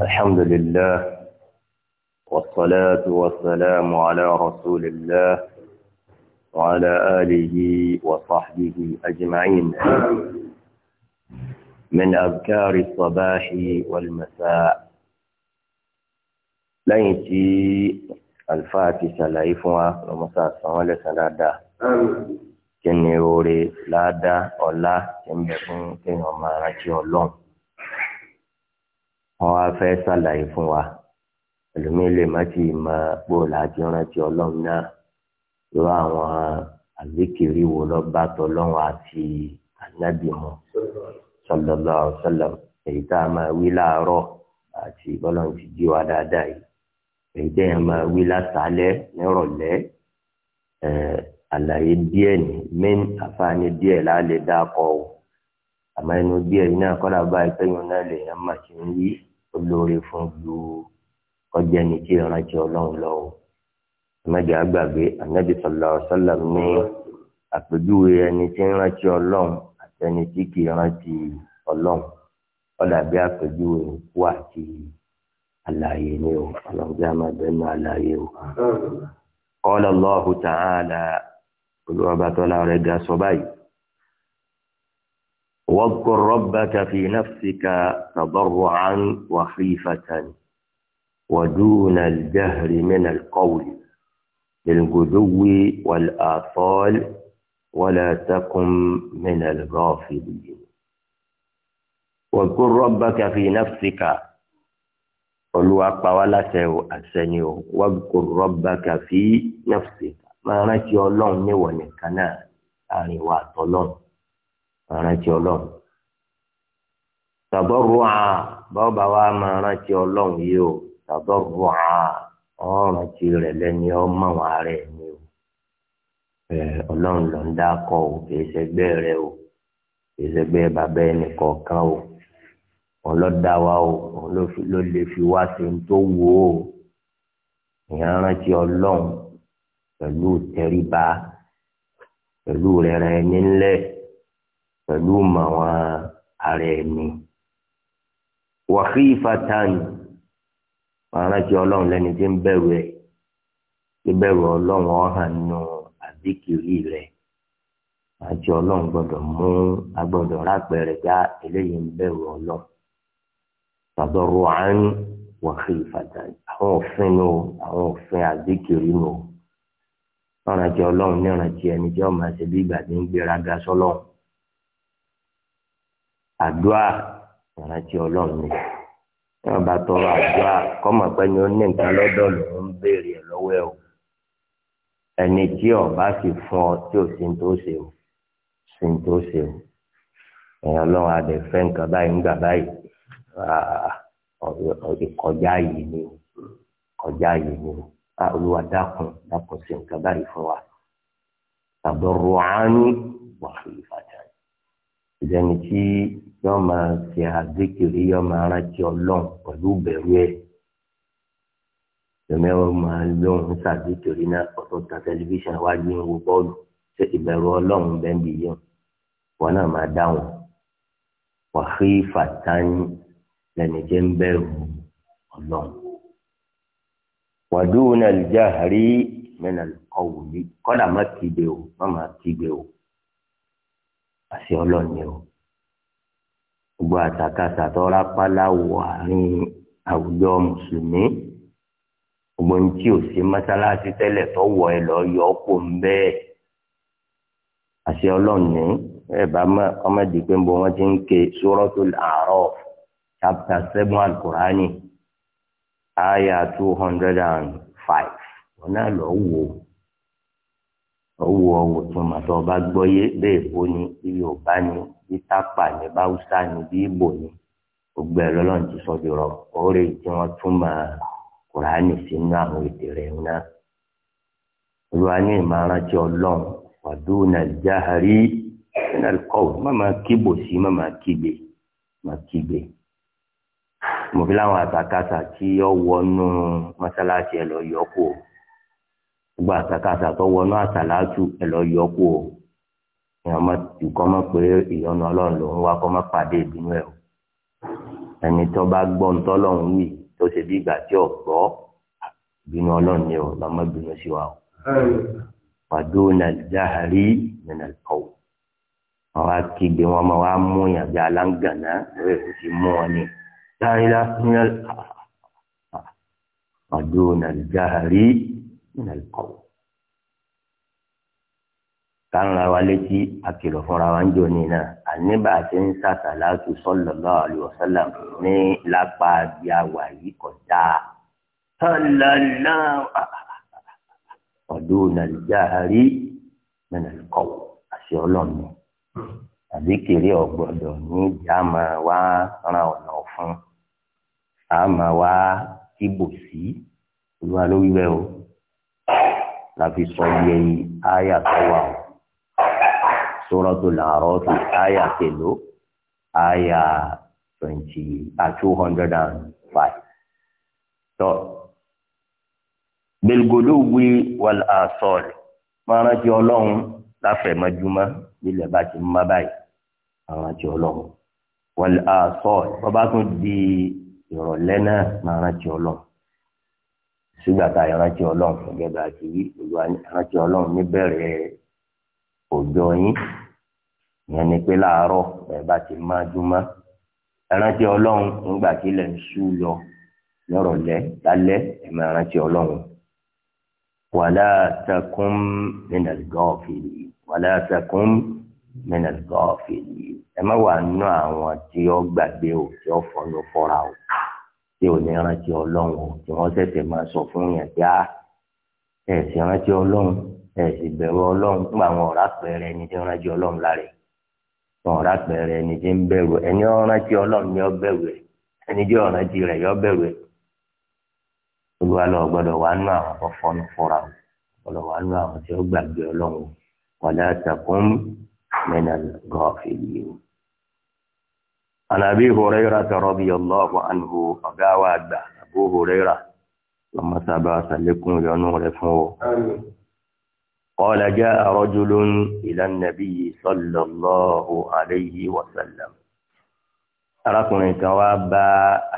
الحمد لله والصلاة والسلام على رسول الله وعلى آله وصحبه أجمعين من أذكار الصباح والمساء لين تي الفاتحة سلايفها ومساء سوالة سلادة كني روري لادا ولا كني يكون كني وما رأتي wọn wá fẹ́ ṣàlàyé fún wa ẹlòmíín lè má ti mọ bóòlù àti rántí ọlọ́run náà irú àwọn àzíkiri wo lọ bá tọlọ́run àti ànábì mu sallallahu alaihi wasallam èyí tá a máa wí láàárọ̀ àti bọ́lọ́run ti jí wa dáadáa yìí èyí tẹ́ ẹ̀ máa wí látàlẹ́ nírọ̀lẹ́ àlàyé díẹ̀ ní main àfààní díẹ̀ lálẹ́ dákọ̀ ọ́ àmọ́ ẹnu díẹ̀ yìí náà báyìí pé náà lè yẹn máa ṣe ń yí olóore fún ju ọjà ní tí ìrántí ọlọ́run lọ o ìmọ̀jẹ̀ àgbàgbé ànábì sọlá ọ̀sọ́là ní àpèjúwe ẹni tí ń rántí ọlọ́run àti ẹni tí kì í rántí ọlọ́run ọ̀dà bí àpèjúwe òkú àti àlàyé ni o ọlọ́run máa bẹ́ẹ̀ náà àlàyé o. qala Allahu ta'ala olùwàbàtọ́lá rẹ̀ ga sọ báyìí. واذكر ربك في نفسك تضرعا وخيفة ودون الجهر من القول بالغدو والآصال ولا تكن من الغافلين واذكر ربك في نفسك olúwa pa wá láṣẹ o àṣẹ ni o wazkur rabbaka fi nafsika máa rántí ọlọ́run níwọ̀ nìkan náà láàrin wa àtọ́lọ́run rántí ọlọ́run tàbọ̀rùà bọ́ọ̀bà wa máa rántí ọlọ́run yìí o tàbọ̀rùà ọ̀ràn ti rẹ̀ lẹ́ni ọmọ wa rẹ̀ ni o ọlọ́run ló ń dákọ̀ o kì í ṣẹgbẹ́ rẹ o kì í ṣẹgbẹ́ bàbá ẹnì kọ̀ọ̀kan o òun ló dá wa o òun ló lè fi wá sí ohun tó wù ó ìyẹn rántí ọlọ́run pẹ̀lú tẹríba pẹ̀lú rẹ̀ rẹ̀ nílẹ̀ pẹ̀lú màwọn ara ẹni wàhí ìfàtàní arájọ ọlọ́run lẹ́ni tí ń bẹ̀rù ẹ̀ tí bẹ̀rù ọlọ́run ọ̀hàn nù àdìkìrí rẹ̀ àjọ ọlọ́run gbọ́dọ̀ mú agbọ́dọ̀ rápẹ̀rẹ̀ já ah, eléyìí ń bẹ̀rù ọlọ́run tàbọ̀rọ̀ àánú wàhí ìfàtàní àwọn òfin nù àwọn òfin àdìkìrí nù ọ̀rànjẹ ọlọ́run ní ọ̀rànjẹ ẹni jẹ́ ọmọ àṣẹ bí ìgbà tí ń gbéraga sọ́lọ́run àdúrà ìrántí ọlọ́run ni tí wọn bá tọrọ àdúrà kọ́mọ̀ pé ni ó ní nǹkan lọ́dọ̀ lòún ń béèrè ẹ̀ lọ́wọ́ ẹ̀ o ẹni tí ọba sì fún ọ tí ò sí ní tó ṣe o sí ní tó ṣe o ẹ̀yin ọlọ́run adẹ̀fẹ́ nǹkan báyìí ń gbà báyìí kọjá yìí ni o kọjá yìí ni o olúwa dákun dákun sí nǹkan báyìí fún wa tàbí rọ̀ wà fún ìfàjà ìdẹ́ni tí yọ máa ṣe àzikiri yọ máa rántí ọlọ́run pẹ̀lú bẹ̀rù ẹ̀ tẹ̀mẹ́ ọ máa lóhun ṣàzikiri náà ọ̀tọ̀ ta tẹlifíṣàn wájú ń wo bọ́ọ̀lù ṣe ìbẹ̀rù ọlọ́run bẹ́ẹ̀ bí yẹn wọn náà máa dáhùn wàhí fàtán lẹ́ni jẹ́ ń bẹ̀rù ọlọ́run wàdúùnà lìjáàrí mẹ́nà ọ̀wùlí kọ́dà má kígbe o má má kígbe o àṣẹ ọlọ́run o gbogbo àtàkàtà tọ́ra pálá wọ àárín àwùjọ mùsùlùmí gbogbo ní tí ò sí mọ́sálásí tẹ́lẹ̀ tó wọ ẹ lọ yọ ọ́ kó ń bẹ́ẹ̀ àṣẹ ọlọ́run ẹ bá ọmọdé pé ń bọ wọn ti ń ké Suratul A'raf chapter seven al-Qur'ani aya two hundred and five wọn náà lọ wò ó. owó ọwọ́ tó mà tó ọba gbọ́ yé bẹ́ẹ̀ bó ni bí ọba ni bí tápà ni bí haúsá ni bí ìbò ni gbogbo ti sọ di rọ ọ̀rẹ́ tí wọn tún máa kùránì sínú àwọn èdè rẹ̀ náà olùwà ní ìmọ̀ràn tí kíbò sí kígbe kígbe àtàkàtà tí mọ́sálásí lọ yọ kó gbogbo àtàkàtà tó wọnú àtàlátù ẹ lọ yọ kú o èèyàn má tù kọ́ mọ̀ pé ìyọnu ọlọ́run ló ń wá kọ́ mọ̀ pàdé ìbínú ẹ̀ o ẹni tó bá gbọ́ ń tọ́lọ́run wì tó ṣe bí ìgbà tí ò gbọ́ ìbínú ọlọ́run ni o lọ́mọ ìbínú sí wa o. pàdó nàìjíríà nínú ọ̀wọ̀ wọn wá kígbe wọn mọ wá mú ìyàgbé aláǹgànà lórí ìfòsí mú wọn ni dáhìlá pàdó nàìjíríà nínú ìkọ̀wé. káńlá wa létí àkìlọ̀ fúnra wa ń jò ní náà àníbà ṣe ń ṣàṣàlátù sallallahu alaihi wasallam ní lápá bí a wà yìí kọjá sallallahu ọdún nàìjíríà nínú ìkọ̀wé àṣẹ ọlọ́ọ̀nù àbí kiri ọ̀gbọ́dọ̀ ní ìjà máa wá ran ọ̀nà fún a máa wá kíbò sí olúwa ló wí bẹ́ẹ̀ o láfi sọ yẹ àyà tó wà ó Suratul A'raf àyà tèló àyà twenty two hundred and five tọ́ gbẹlgolo wi wàl àsọ̀rì máa rántí ọlọ́run láfẹ̀mọ́júmọ́ nílẹ̀ bá ti ń má báyìí máa rántí ọlọ́run wàl àsọ̀rì bọ́ bá tún di ìrọ̀lẹ́ náà máa rántí ọlọ́run sígbà tá a rántí ọlọ́run gẹ́gẹ́ bá a ti wí olúwa rántí ọlọ́run níbẹ̀rẹ̀ ọjọ́ yín ìyẹn ni pé láàárọ̀ ẹ̀ bá ti máa dúmọ́ rántí ọlọ́run nígbà tí ilẹ̀ ń ṣú lọ lọ́rọ̀lẹ́ lálẹ́ ẹ̀ máa rántí ọlọ́run wàlá takùn minal ghafili wàlá takùn minal ghafili ẹ má wà nù àwọn tí ó gbàgbé o tí ó o tí ò ní rántí ọlọ́run tí wọ́n ṣẹ̀ṣẹ̀ máa sọ fún yẹn pé á ah, sì rántí ọlọ́run ẹ̀ sì bẹ̀rù ọlọ́run fún àwọn ọ̀rá pẹ̀rẹ̀ ẹni tí ń rántí ọlọ́run láre àwọn ọ̀rá pẹ̀rẹ̀ ẹni tí ń bẹ̀rù ẹni rántí ọlọ́run ni ó bẹ̀rù ẹ̀ ẹni tí ó rántí rẹ̀ yó bẹ̀rù ẹ̀ olúwa lọ gbọ́dọ̀ wà nú àwọn tó fọnú fọra o gbọ́dọ̀ wà nú àwọn tí ó gbàgbé ọlọ́run wala ànàbí hùrẹ́rà rọ́bì ọlọ́ọ̀bù ànàbò ọ̀gá wa àgbà àbò hùrẹ́rà lọ́mọ sábà sàlékún ìyọnú rẹ̀ fún ọ. قال جاء رجل إلى النبي صلى الله عليه وسلم arákùnrin kan wá bá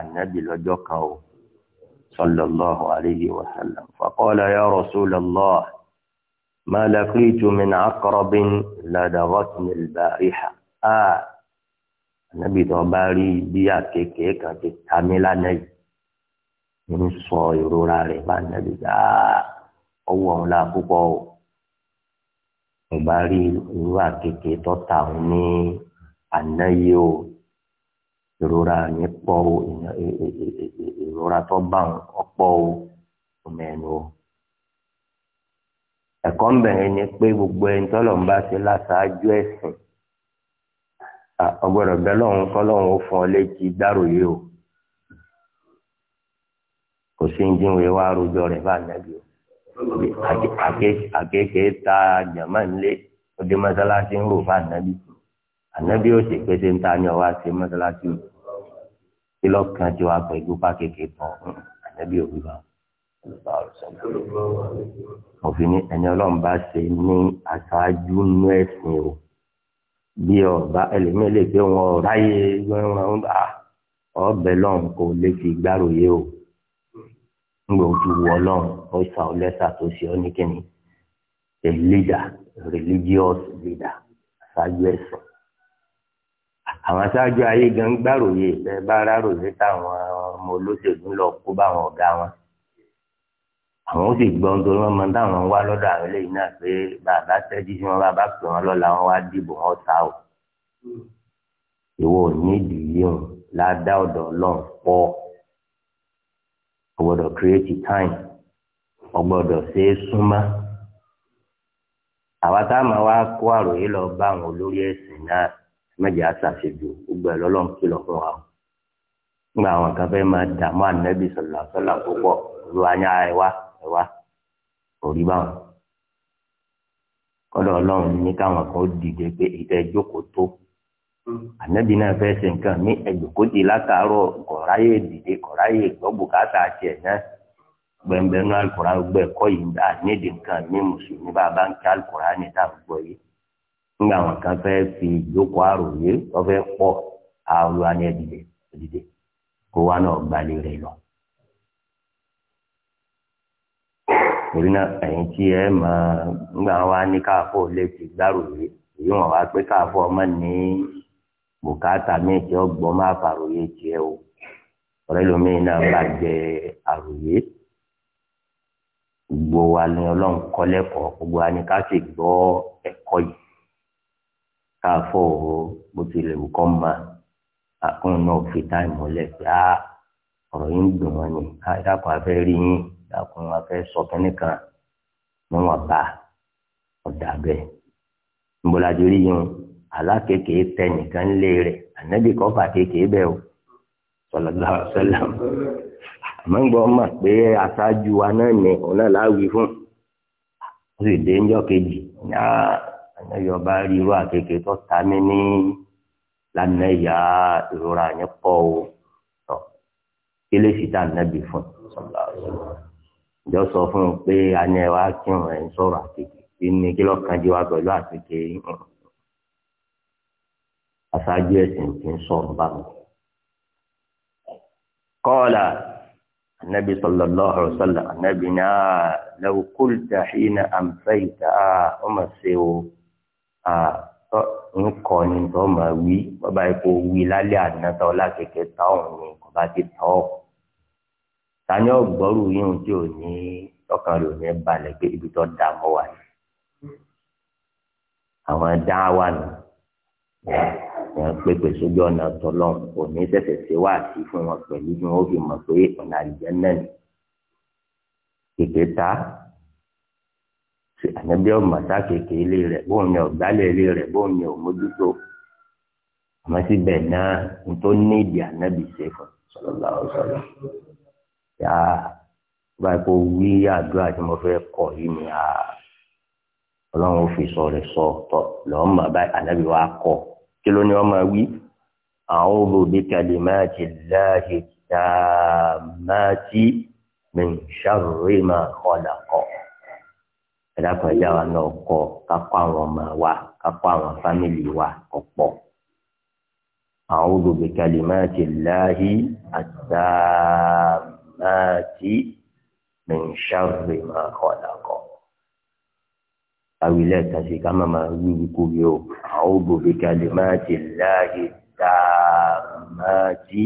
ànábì lọ́jọ́ kan o sallallahu alayhi wa sallam faqala ya rasulallah ma laqitu min aqrabin ànábì tó bá rí bí àkekè kan ti ta mí lánàá yìí ń sọ ìrora rẹ̀ bá ànábì dá ọwọ́ òun la púpọ̀ o ìgbà rí irú àkekè tó ta òun ní àná yìí o ìrora ní pọ̀ o ìrora tó bá òun ọ̀pọ̀ o ọmọ o ẹ̀kọ́ ń bẹ̀rẹ̀ ni pé gbogbo ẹni tọ́lọ̀ ń bá ṣe láṣáájú ẹ̀sìn ọgbọ́dọ̀ bẹ́ẹ̀ lọ́hùn kọ́lọ́hùn ó fọ́ létí gbárùyé o kò sí ní dín wíwá arúgbó rẹ̀ bá nàbí o àkékèé ta jàmá nílé ó dé mọ́sálásí ń rò bá nàbí ànábí ó sì pété ń ta ní ọwọ́ àti mọ́sálásí o kí lọ́kàn tí wàá pẹ̀lú pákékèé tán ànábí òbí bá òfin ni ẹni ọlọ́run bá ṣe ní aṣáájú nú ẹ̀sìn o bí ọba ẹlòmíín lè pé wọn ráyè wọn ọbẹ lọhùn kò lè fi gbàròyé o ńgbà ojú wọ lọhùn ó sà ọ lẹ́sà tó ṣe ọ ní kíni a leader religious leader aṣáájú ẹ̀sìn àwọn aṣáájú ayé gan gbàròyé bẹ́ẹ̀ bá ráròyé táwọn ọmọ olóṣèlú lọ kó bá àwọn ọ̀gá wọn àwọn ó sì gbọ́ nítorí wọn máa ń dáhùn wá lọ́dọ̀ àwọn eléyìí náà pé bàbá tẹ́jú sí wọn bàbá pè wọn lọ́la wọn wá dìbò wọn ta o ìwọ ò ní ìdílé wọn ládá ọ̀dọ̀ ọlọ́run pọ̀ ọgbọ́dọ̀ create time ọgbọ́dọ̀ ṣe é súnmọ́ àwa tá a máa wá kó àròyé lọ bá àwọn olórí ẹ̀sìn náà mẹ́jẹ̀ àṣàṣejù gbogbo ẹ̀ lọ́lọ́run kìlọ̀ fún wa nígbà àwọn kan fẹ́ máa dààmú ẹ wá òrí báwọn kọ́dọ̀ ọlọ́run ní káwọn kan dìde pé ìtẹ́ tó hmm. ànábì náà fẹ́ ṣe nǹkan ní ẹ̀jọ̀kọ́dì látàárọ kọráyé dìde kọráyé gbọ́bùkátà tiẹ̀ náà gbẹ̀ngbẹ̀nu alukora gbẹ̀ kọ́ yìí dá nídìí nǹkan ní mùsùlùmí ń kí alukora ní yìí nígbà wọn kan torí náà ẹ̀yin tí ẹ máa nígbà wa ní káfọ́ lè ti gbàròyé èyí wọn wá pé káfọ́ ọmọ ní bùkátà míì tí ọgbọ́n máa fàròyé tiẹ̀ o ọ̀rẹ́ lómi náà bá jẹ àròyé gbogbo wa ni ọlọ́run kọ́ lẹ́kọ̀ọ́ gbogbo wa ni ká sì gbọ́ ẹ̀kọ́ yìí káfọ́ o bó tilẹ̀ wù kọ́ ma àkóhùn náà fi táìmù lẹ̀ pé ọ̀rọ̀ yìí ń dùn wọn ni ká dákun afẹ́ rí yín. dákun wọn fẹ́ sọ kínní kan ní wọn bá ọ̀dà bẹ́ẹ̀ nbọ̀lájú rí yun alákèké tẹ nìkan lé rẹ̀ ànábì kọ́fà o sallallahu alaihi wasallam àmọ́ gbọ́ pé aṣáájú wa náà ní òun fún ó sì dé kejì ọba rí àkèké tó ta mí ní lánàá ìrora yẹn o kí lè sì dá ànábì fún ìjọ sọ fún un pé àní ẹ wá kírun ẹ ń sọ̀rọ̀ àkekèé kí ni kí lọ́kàn jí wa pẹ̀lú àkekèé aṣáájú ẹ̀sìn kì í sọ̀rọ̀ báwọn. kọ́ọ̀là anabi sallallahu alaihi wa sallam anabi náà law qulta hina amsayta á ọmọ ṣe o ń kọ́ ni tó máa wí bàbá yìí kò wí lálẹ́ àná tó lákèké táwọn ni kò bá ti tọ́ ọ tani ọgbọrù yìí tí ò ní ọkàn rẹ ò ní balẹ̀ pé ibi tó dà mọ́ wà ní. àwọn dá wà nù wọn pépè sójú ọ̀nà tọ́lọ́ òní ṣẹ̀ṣẹ̀ ṣe wá sí fún wọn pẹ̀lú bí wọ́n fi mọ̀ pé ọ̀nà àlùjẹ́ náà ni. kèké ta ànábẹ́ ọ̀mọ̀tá kèké ilé rẹ̀ bóun ni ọ̀gbálẹ̀ ilé rẹ̀ bóun ni òmójútó àmọ́ síbẹ̀ náà n tó ní ìdí ànábì fún sọlọ́lá ọ̀sọ̀rọ̀ yà á báyìí kò wí àdúrà tí mo fẹ́ kọ̀ yìí ni à ah, ọlọ́run fi sọ rẹ̀ sọ tọ̀ lọ́ọ́ mà báyìí ànábì wa kọ̀ kí ló ní wọ́n máa wí a'udhu bi kalimati llahi tammati min sharri ma khalaqa ẹ̀dàkùn ẹ̀yà wa náà kọ kápá àwọn ọmọ wa kápá àwọn fámìlì wa ọ̀pọ̀. a'udhu bi kalimati llahi àtàmà náàtì min sharri ma khalaqa. awilẹ̀ kasi ká má ma wí ikú yìí o a'udhu bi kalimati llahi tammati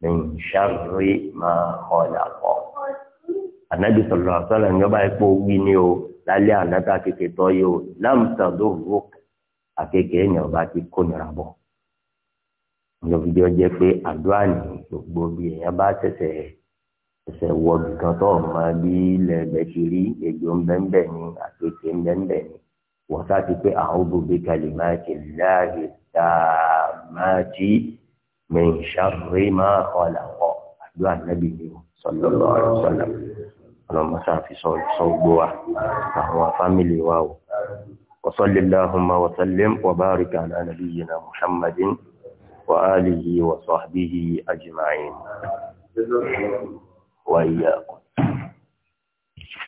min sharri ma khalaqa. anabi sallallahu alaihi wasallam ní ọba ẹ̀kọ́ wí ni o lálẹ́ ànáta kékeré tọ́ yìí o lámùtàdó rúk àkékeré ní ọba ti kó nira bọ̀ ní òfìdí ọjẹ́ pé àdúrà ní gbogbo bí èèyàn bá ṣẹ̀ṣẹ̀ ẹsẹ̀ wọ́ọ̀dù kan tó máa bí lẹ́ẹ̀bẹ̀ ṣe rí èjò ń bẹ́ẹ̀ bẹ́ẹ̀ ni àpèké ń bẹ́ẹ̀ bẹ́ẹ̀ ni wọ́n sá ti pé a'udhu bi kalimati ti tammati min sharri ma wọ àdúrà ànábì ni sọlọ alaihi wasallam ọlọ́mọṣà fi sọ gbó wa àwọn fámìlì wa o. ma وصل اللهم وسلم وبارك على نبينا محمد وآله وصحبه أجمعين وإياكم